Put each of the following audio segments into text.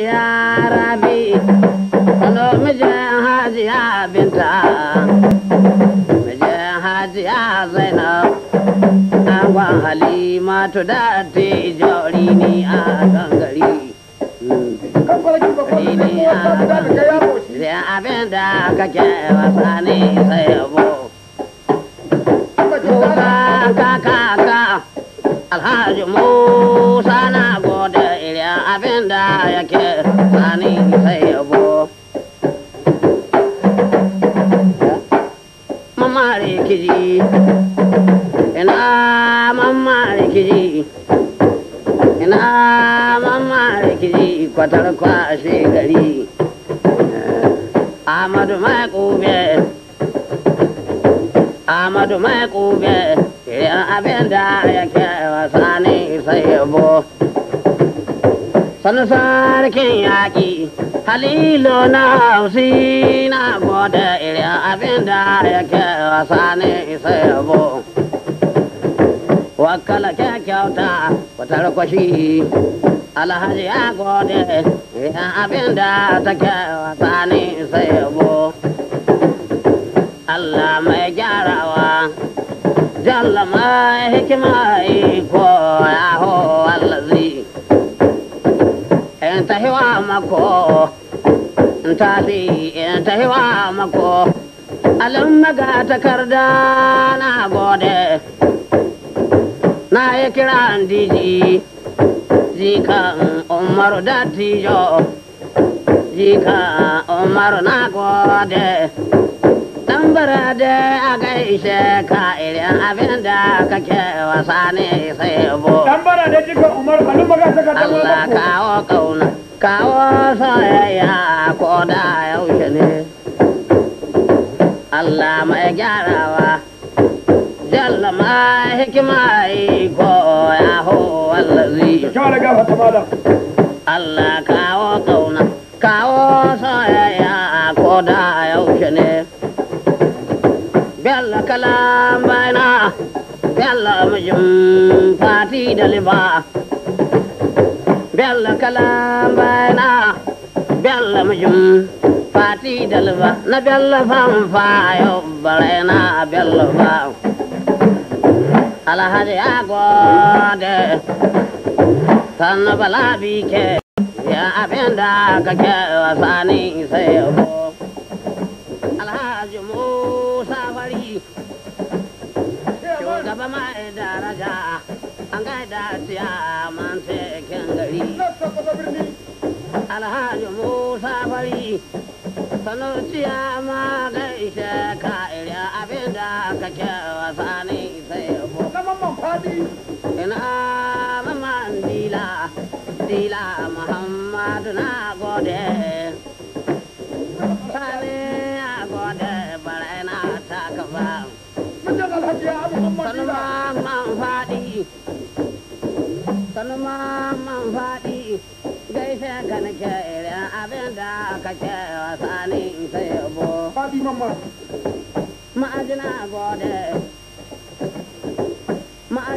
ya rabi kano mijin hajiya binta mijin hajiya zainab angon halima ni a kake wasa sai rikici ina mamma rikici kwatar kwashe gari eh, amadu mai kube amadu mai kube yan abin da yake wasa ne sai yabo sanu sarkin yaƙi halilu na hausi na gode irin abin da yake wasa ne sai yabo wakala kyauta wata kwashi alhaji ya gode ya abin da ta kyauta ni sai yabo Allah mai gyarawa jalla mai hikima ko ya ho allazi in ta hiwa mako in ta in ta hiwa mako alin maga takarda na gode na yi kiran diji jikan umaru da tijo jikan umaru na gode tambara da a gaishe ka irin abin da kake wasa ne sai bo tambara da jikan umaru a lumaka saka ta Allah kawo kauna kawo soyayya ko da yaushe ne Allah mai gyarawa jalla hikima iko ya ho wallazi Allah kawo kauna kawo soyayya ko da yaushe ne bella kalam baina bella mijin fati da liba bella kalam baina bella mijin fati da liba na bella fanfa yau bare na bella fanfa alhaji ya gode sannu bala bike ya abin da kake wasani sai yabo alhaji musa fari shugaba mai daraja an gaida siya man cikin gari alhaji musa fari sanuciya ma gaishe ka iri abin da kake wasani sai بادِي تن آ ماندِي لا دِيلا محمد نا گوڑے سَلے آ گوڑے بڙي نا چڪوا سُنُ دَھَجِي ابو محمد تن ما مَوا دِي تن ما مَوا دِي گاي سَكن کي اَويندا کَچي واساني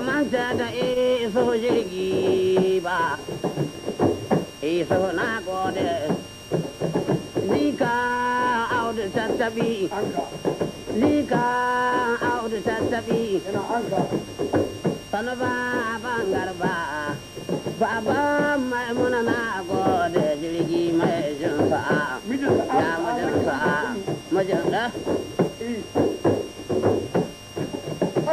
Eh, ba manta da iso jirgi ba iso na gode ni ka auda tattabi ni ka auda tattabi sana ba ban garba baba maimuna na gode jirgi mai jin sa'a ah, ya ma sa'a mijin da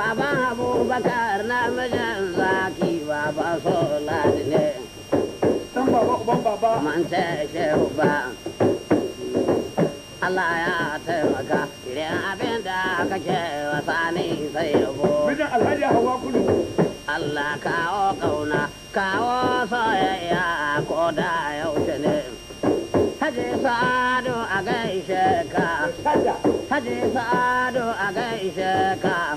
Baba abubakar na mijin zaki baba solani ne dan baba uban baba man ce shehu ba Allah ya taimaka idan abin da aka kake sani sai yabo mijin alhaji hawa kudu Allah kawo kauna kawo soyayya ko da yaushe ne Haji Sadu a gaishe ka Haji Sadu a gaishe ka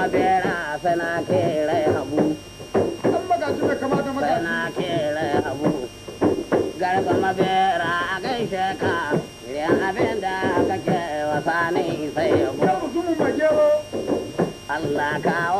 magera sana kere habu sana kere habu garba magera a gaishe ka yan abin da kake wasa ne sai Allah kawo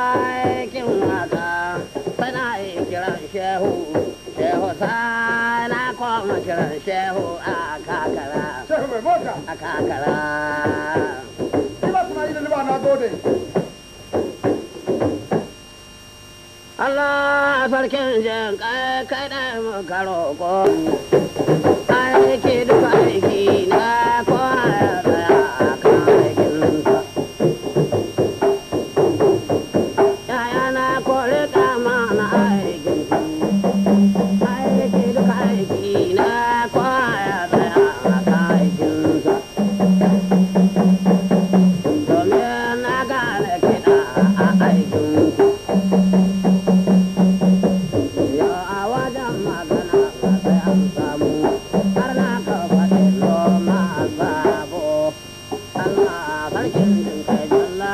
kiran shehu a kakara shehu mai a da liba na gode Allah sarkin jin kai kai da muka aiki duka aiki